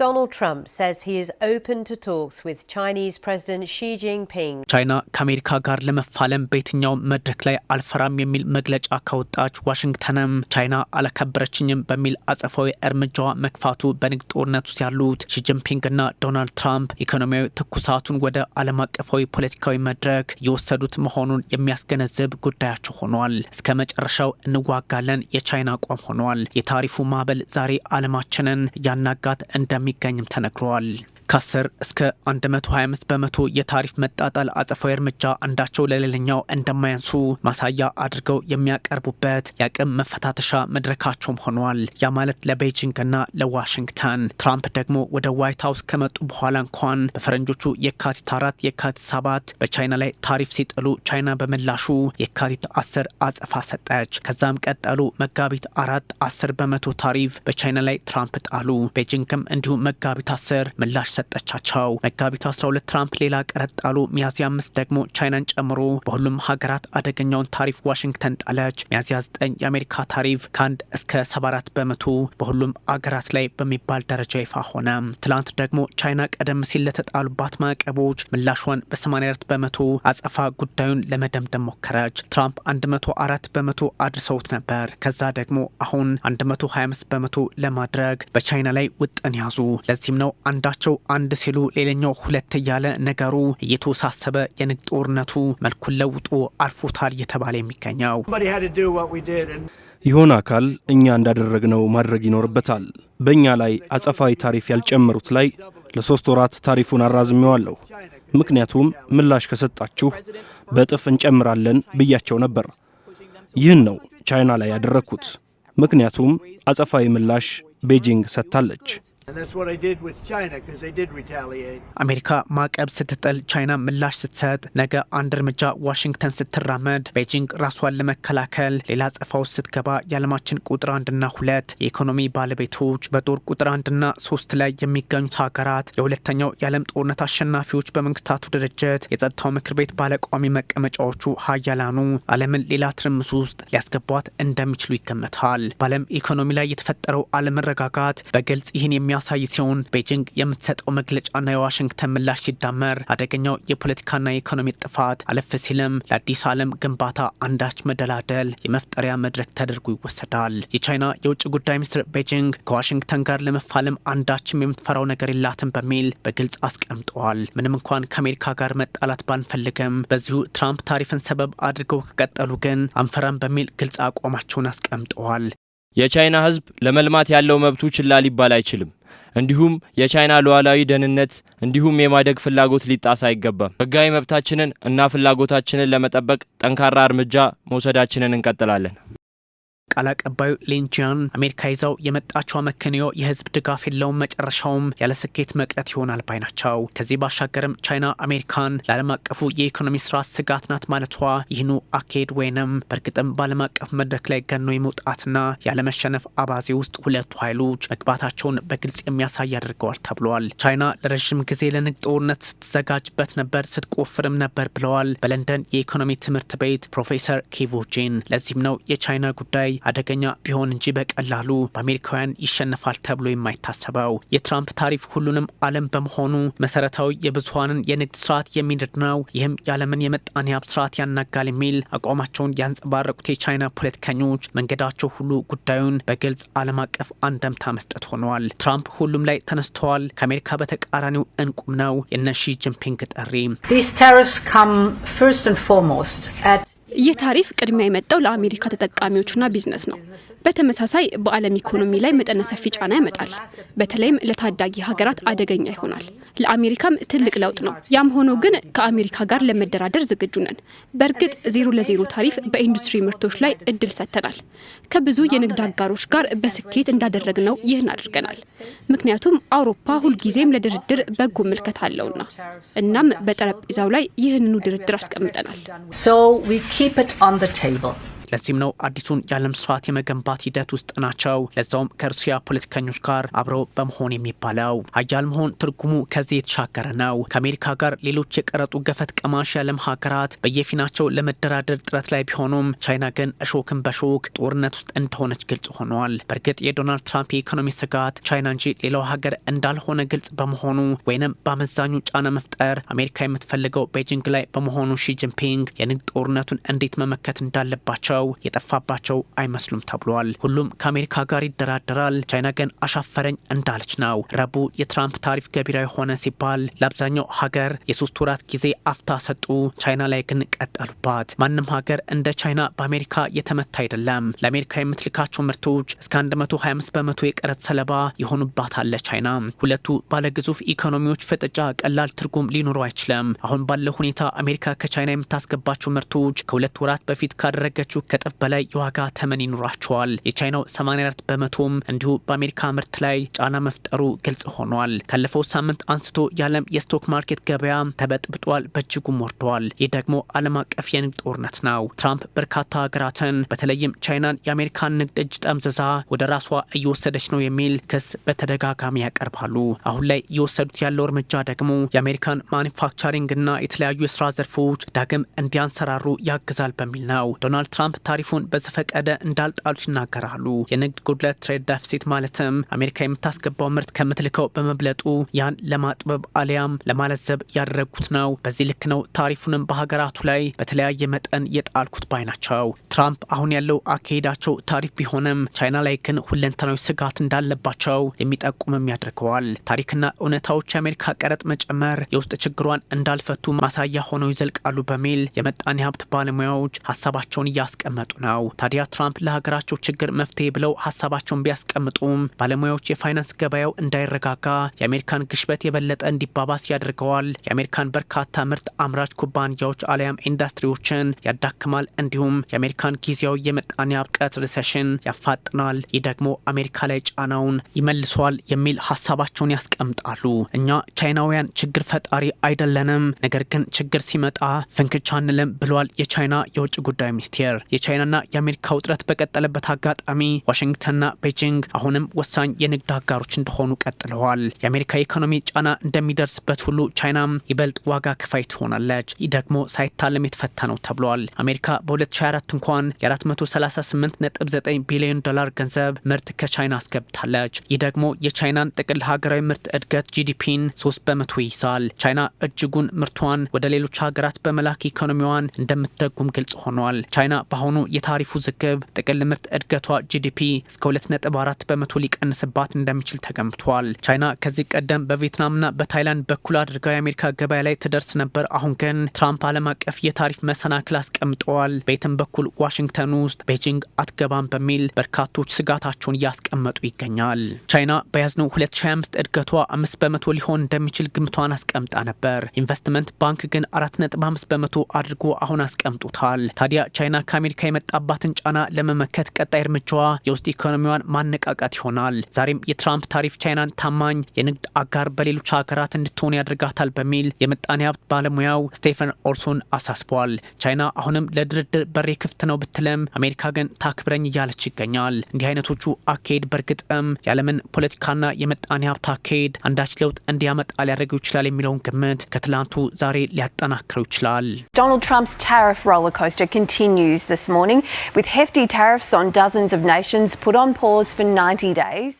Donald Trump says he is open to talks with Chinese President Xi Jinping. China, Kamirka Garlem, Falem, Betinyo, Medrekle, Alfaram, Mil, Meglech, Akautach, Washington, China, Alakabrachinum, Bemil, Azafoy, Ermejo, McFatu, Benict Ornatsialut, Xi Jinping, Donald Trump, Economy, Tukusatun, Weather, Alamak, Afoy, Politico, Medrek, Yosadut Mohonun, Yemiaskan, Zeb, Gudach, Honol, Skamach, Rashau, Nuwa Galen, Ye China, Honol, Yetari Fumabel, Zari, Alamachinen, Yanagat, and Demi. እንደሚገኝም ተነግሯል። ከ10 እስከ 125 በመቶ የታሪፍ መጣጣል አጸፋዊ እርምጃ አንዳቸው ለሌላኛው እንደማያንሱ ማሳያ አድርገው የሚያቀርቡበት የአቅም መፈታተሻ መድረካቸውም ሆኗል። ያ ማለት ለቤጂንግና ለዋሽንግተን። ትራምፕ ደግሞ ወደ ዋይት ሀውስ ከመጡ በኋላ እንኳን በፈረንጆቹ የካቲት አራት የካቲት ሰባት በቻይና ላይ ታሪፍ ሲጥሉ ቻይና በምላሹ የካቲት አስር አጸፋ ሰጠች። ከዛም ቀጠሉ መጋቢት አራት አስር በመቶ ታሪፍ በቻይና ላይ ትራምፕ ጣሉ። ቤጂንግም እንዲሁም መጋቢት አስር ምላሽ ሰጠቻቸው። መጋቢት 12 ትራምፕ ሌላ ቀረጥ ጣሉ። ሚያዝያ አምስት ደግሞ ቻይናን ጨምሮ በሁሉም ሀገራት አደገኛውን ታሪፍ ዋሽንግተን ጣለች። ሚያዝያ 9 የአሜሪካ ታሪፍ ከአንድ እስከ 74 በመቶ በሁሉም አገራት ላይ በሚባል ደረጃ ይፋ ሆነ። ትላንት ደግሞ ቻይና ቀደም ሲል ለተጣሉባት ማዕቀቦች ምላሿን በ84 በመቶ አጸፋ ጉዳዩን ለመደምደም ሞከረች። ትራምፕ 104 በመቶ አድርሰውት ነበር። ከዛ ደግሞ አሁን 125 በመቶ ለማድረግ በቻይና ላይ ውጥን ያዙ። ለዚህም ነው አንዳቸው አንድ ሲሉ ሌላኛው ሁለት እያለ ነገሩ እየተወሳሰበ የንግድ ጦርነቱ መልኩን ለውጦ አልፎታል እየተባለ የሚገኘው ይሆን አካል እኛ እንዳደረግነው ማድረግ ይኖርበታል። በእኛ ላይ አጸፋዊ ታሪፍ ያልጨመሩት ላይ ለሶስት ወራት ታሪፉን አራዝሜዋለሁ። ምክንያቱም ምላሽ ከሰጣችሁ በእጥፍ እንጨምራለን ብያቸው ነበር። ይህን ነው ቻይና ላይ ያደረግኩት። ምክንያቱም አጸፋዊ ምላሽ ቤጂንግ ሰጥታለች። አሜሪካ ማዕቀብ ስትጥል ቻይና ምላሽ ስትሰጥ፣ ነገ አንድ እርምጃ ዋሽንግተን ስትራመድ፣ ቤጂንግ ራሷን ለመከላከል ሌላ አጸፋ ውስጥ ስትገባ የዓለማችን ቁጥር አንድና ሁለት የኢኮኖሚ ባለቤቶች በጦር ቁጥር አንድና ሶስት ላይ የሚገኙት ሀገራት የሁለተኛው የዓለም ጦርነት አሸናፊዎች በመንግስታቱ ድርጅት የጸጥታው ምክር ቤት ባለቋሚ መቀመጫዎቹ ሀያላኑ ዓለምን ሌላ ትርምስ ውስጥ ሊያስገቧት እንደሚችሉ ይገመታል። በዓለም ኢኮኖሚ ላይ የተፈጠረው አለመረጋጋት በግልጽ ይህን የሚያ የሚያሳይ ሲሆን ቤጂንግ የምትሰጠው መግለጫና የዋሽንግተን ምላሽ ሲዳመር አደገኛው የፖለቲካና የኢኮኖሚ ጥፋት አለፍ ሲልም ለአዲስ ዓለም ግንባታ አንዳች መደላደል የመፍጠሪያ መድረክ ተደርጎ ይወሰዳል። የቻይና የውጭ ጉዳይ ሚኒስትር ቤጂንግ ከዋሽንግተን ጋር ለመፋለም አንዳችም የምትፈራው ነገር የላትም በሚል በግልጽ አስቀምጠዋል። ምንም እንኳን ከአሜሪካ ጋር መጣላት ባንፈልግም በዚሁ ትራምፕ ታሪፍን ሰበብ አድርገው ከቀጠሉ ግን አንፈራም በሚል ግልጽ አቋማቸውን አስቀምጠዋል። የቻይና ሕዝብ ለመልማት ያለው መብቱ ችላ ሊባል አይችልም። እንዲሁም የቻይና ሉዓላዊ ደህንነት እንዲሁም የማደግ ፍላጎት ሊጣስ አይገባም። ህጋዊ መብታችንን እና ፍላጎታችንን ለመጠበቅ ጠንካራ እርምጃ መውሰዳችንን እንቀጥላለን። ቃል አቀባዩ ሊንጂያን አሜሪካ ይዘው የመጣቸው አመክንዮ የህዝብ ድጋፍ የለውም፣ መጨረሻውም ያለ ስኬት መቅረት ይሆናል ባይ ናቸው። ከዚህ ባሻገርም ቻይና አሜሪካን ለዓለም አቀፉ የኢኮኖሚ ስርዓት ስጋት ናት ማለቷ ይህኑ አካሄድ ወይንም በእርግጥም በዓለም አቀፍ መድረክ ላይ ገኖ የመውጣትና ያለመሸነፍ አባዜ ውስጥ ሁለቱ ኃይሎች መግባታቸውን በግልጽ የሚያሳይ አድርገዋል ተብሏል። ቻይና ለረዥም ጊዜ ለንግድ ጦርነት ስትዘጋጅበት ነበር፣ ስትቆፍርም ነበር ብለዋል በለንደን የኢኮኖሚ ትምህርት ቤት ፕሮፌሰር ኪቮጂን። ለዚህም ነው የቻይና ጉዳይ አደገኛ ቢሆን እንጂ በቀላሉ በአሜሪካውያን ይሸነፋል ተብሎ የማይታሰበው የትራምፕ ታሪፍ ሁሉንም ዓለም በመሆኑ መሰረታዊ የብዙሀንን የንግድ ስርዓት የሚንድ ነው። ይህም የዓለምን የመጣኔ ሀብት ስርዓት ያናጋል የሚል አቋማቸውን ያንጸባረቁት የቻይና ፖለቲከኞች መንገዳቸው ሁሉ ጉዳዩን በግልጽ ዓለም አቀፍ አንደምታ መስጠት ሆኗል። ትራምፕ ሁሉም ላይ ተነስተዋል። ከአሜሪካ በተቃራኒው እንቁም ነው የነ ሺ ጂንፒንግ ጥሪ ይህ ታሪፍ ቅድሚያ የመጣው ለአሜሪካ ተጠቃሚዎችና ቢዝነስ ነው። በተመሳሳይ በዓለም ኢኮኖሚ ላይ መጠነ ሰፊ ጫና ያመጣል። በተለይም ለታዳጊ ሀገራት አደገኛ ይሆናል። ለአሜሪካም ትልቅ ለውጥ ነው። ያም ሆኖ ግን ከአሜሪካ ጋር ለመደራደር ዝግጁ ነን። በእርግጥ ዜሮ ለዜሮ ታሪፍ በኢንዱስትሪ ምርቶች ላይ እድል ሰጥተናል። ከብዙ የንግድ አጋሮች ጋር በስኬት እንዳደረግነው ይህን አድርገናል። ምክንያቱም አውሮፓ ሁልጊዜም ለድርድር በጎ ምልከት አለውና። እናም በጠረጴዛው ላይ ይህንኑ ድርድር አስቀምጠናል። keep it on the table. ለዚህም ነው አዲሱን የዓለም ስርዓት የመገንባት ሂደት ውስጥ ናቸው። ለዛውም ከሩሲያ ፖለቲከኞች ጋር አብረው በመሆን የሚባለው አያል መሆን ትርጉሙ ከዚህ የተሻገረ ነው። ከአሜሪካ ጋር ሌሎች የቀረጡ ገፈት ቀማሽ የዓለም ሀገራት በየፊናቸው ለመደራደር ጥረት ላይ ቢሆኑም ቻይና ግን እሾክን በሾክ ጦርነት ውስጥ እንደሆነች ግልጽ ሆኗል። በእርግጥ የዶናልድ ትራምፕ የኢኮኖሚ ስጋት ቻይና እንጂ ሌላው ሀገር እንዳልሆነ ግልጽ በመሆኑ ወይንም በአመዛኙ ጫና መፍጠር አሜሪካ የምትፈልገው ቤጂንግ ላይ በመሆኑ ሺጂንፒንግ የንግድ ጦርነቱን እንዴት መመከት እንዳለባቸው ኪሳራው የጠፋባቸው አይመስሉም ተብሏል። ሁሉም ከአሜሪካ ጋር ይደራደራል። ቻይና ግን አሻፈረኝ እንዳለች ነው። ረቡዕ የትራምፕ ታሪፍ ገቢራዊ ሆነ ሲባል ለአብዛኛው ሀገር የሶስት ወራት ጊዜ አፍታ ሰጡ። ቻይና ላይ ግን ቀጠሉባት። ማንም ሀገር እንደ ቻይና በአሜሪካ የተመታ አይደለም። ለአሜሪካ የምትልካቸው ምርቶች እስከ 125 በመቶ የቀረጥ ሰለባ ይሆኑባታል ቻይና። ሁለቱ ባለግዙፍ ኢኮኖሚዎች ፍጥጫ ቀላል ትርጉም ሊኖረው አይችልም። አሁን ባለው ሁኔታ አሜሪካ ከቻይና የምታስገባቸው ምርቶች ከሁለት ወራት በፊት ካደረገችው ከጥፍ በላይ የዋጋ ተመን ይኖራቸዋል። የቻይናው 84 በመቶም እንዲሁ በአሜሪካ ምርት ላይ ጫና መፍጠሩ ግልጽ ሆኗል። ካለፈው ሳምንት አንስቶ የዓለም የስቶክ ማርኬት ገበያ ተበጥብጧል፣ በእጅጉም ወርዷል። ይህ ደግሞ ዓለም አቀፍ የንግድ ጦርነት ነው። ትራምፕ በርካታ ሀገራትን በተለይም ቻይናን የአሜሪካን ንግድ እጅ ጠምዝዛ ወደ ራሷ እየወሰደች ነው የሚል ክስ በተደጋጋሚ ያቀርባሉ። አሁን ላይ እየወሰዱት ያለው እርምጃ ደግሞ የአሜሪካን ማኒፋክቸሪንግና የተለያዩ የስራ ዘርፎች ዳግም እንዲያንሰራሩ ያግዛል በሚል ነው። ዶናልድ ትራምፕ ታሪፉን በዘፈቀደ እንዳልጣሉት ይናገራሉ። የንግድ ጉድለት ትሬድ ዳፍሴት ማለትም አሜሪካ የምታስገባው ምርት ከምትልከው በመብለጡ ያን ለማጥበብ አሊያም ለማለዘብ ያደረጉት ነው። በዚህ ልክ ነው ታሪፉንም በሀገራቱ ላይ በተለያየ መጠን የጣልኩት ባይ ናቸው። ትራምፕ አሁን ያለው አካሄዳቸው ታሪፍ ቢሆንም ቻይና ላይ ግን ሁለንተናዊ ስጋት እንዳለባቸው የሚጠቁምም ያደርገዋል። ታሪክና እውነታዎች የአሜሪካ ቀረጥ መጨመር የውስጥ ችግሯን እንዳልፈቱ ማሳያ ሆነው ይዘልቃሉ በሚል የመጣኔ ሀብት ባለሙያዎች ሀሳባቸውን እያስቀ እያስቀመጡ ነው። ታዲያ ትራምፕ ለሀገራቸው ችግር መፍትሄ ብለው ሀሳባቸውን ቢያስቀምጡም ባለሙያዎች የፋይናንስ ገበያው እንዳይረጋጋ የአሜሪካን ግሽበት የበለጠ እንዲባባስ ያደርገዋል፣ የአሜሪካን በርካታ ምርት አምራች ኩባንያዎች አሊያም ኢንዱስትሪዎችን ያዳክማል፣ እንዲሁም የአሜሪካን ጊዜያዊ የምጣኔ ሀብት ሪሴሽን ያፋጥናል፣ ይህ ደግሞ አሜሪካ ላይ ጫናውን ይመልሰዋል የሚል ሀሳባቸውን ያስቀምጣሉ። እኛ ቻይናውያን ችግር ፈጣሪ አይደለንም፣ ነገር ግን ችግር ሲመጣ ፍንክቻ አንልም ብሏል የቻይና የውጭ ጉዳይ ሚኒስቴር። የቻይናና የአሜሪካ ውጥረት በቀጠለበት አጋጣሚ ዋሽንግተንና ቤጂንግ አሁንም ወሳኝ የንግድ አጋሮች እንደሆኑ ቀጥለዋል። የአሜሪካ ኢኮኖሚ ጫና እንደሚደርስበት ሁሉ ቻይናም ይበልጥ ዋጋ ክፋይ ትሆናለች። ይህ ደግሞ ሳይታለም የተፈታ ነው ተብሏል። አሜሪካ በ2024 እንኳን የ 9 ቢሊዮን ዶላር ገንዘብ ምርት ከቻይና አስገብታለች። ይህ ደግሞ የቻይናን ጥቅል ሀገራዊ ምርት እድገት ጂዲፒን 3 በመቶ ይይዛል። ቻይና እጅጉን ምርቷን ወደ ሌሎች ሀገራት በመላክ ኢኮኖሚዋን እንደምትደጉም ግልጽ ሆኗል። ቻይና በ ሆኑ የታሪፉ ውዝግብ ጥቅል ምርት እድገቷ ጂዲፒ እስከ 2.4 በመቶ ሊቀንስባት እንደሚችል ተገምቷል። ቻይና ከዚህ ቀደም በቪየትናምና በታይላንድ በኩል አድርጋ የአሜሪካ ገበያ ላይ ትደርስ ነበር። አሁን ግን ትራምፕ ዓለም አቀፍ የታሪፍ መሰናክል አስቀምጠዋል። በየትም በኩል ዋሽንግተን ውስጥ ቤጂንግ አትገባም በሚል በርካቶች ስጋታቸውን እያስቀመጡ ይገኛል። ቻይና በያዝነው 2025 እድገቷ 5 በመቶ ሊሆን እንደሚችል ግምቷን አስቀምጣ ነበር። ኢንቨስትመንት ባንክ ግን አምስት በመቶ አድርጎ አሁን አስቀምጡታል። ታዲያ ቻይና ከአሜ አሜሪካ የመጣባትን ጫና ለመመከት ቀጣይ እርምጃዋ የውስጥ ኢኮኖሚዋን ማነቃቃት ይሆናል። ዛሬም የትራምፕ ታሪፍ ቻይናን ታማኝ የንግድ አጋር በሌሎች ሀገራት እንድትሆን ያደርጋታል በሚል የምጣኔ ሀብት ባለሙያው ስቴፈን ኦልሶን አሳስቧል። ቻይና አሁንም ለድርድር በሬ ክፍት ነው ብትለም፣ አሜሪካ ግን ታክብረኝ እያለች ይገኛል። እንዲህ አይነቶቹ አካሄድ በእርግጥም የዓለምን ፖለቲካና የምጣኔ ሀብት አካሄድ አንዳች ለውጥ እንዲያመጣ ሊያደርገው ይችላል የሚለውን ግምት ከትላንቱ ዛሬ ሊያጠናክረው ይችላል። this morning, with hefty tariffs on dozens of nations put on pause for 90 days.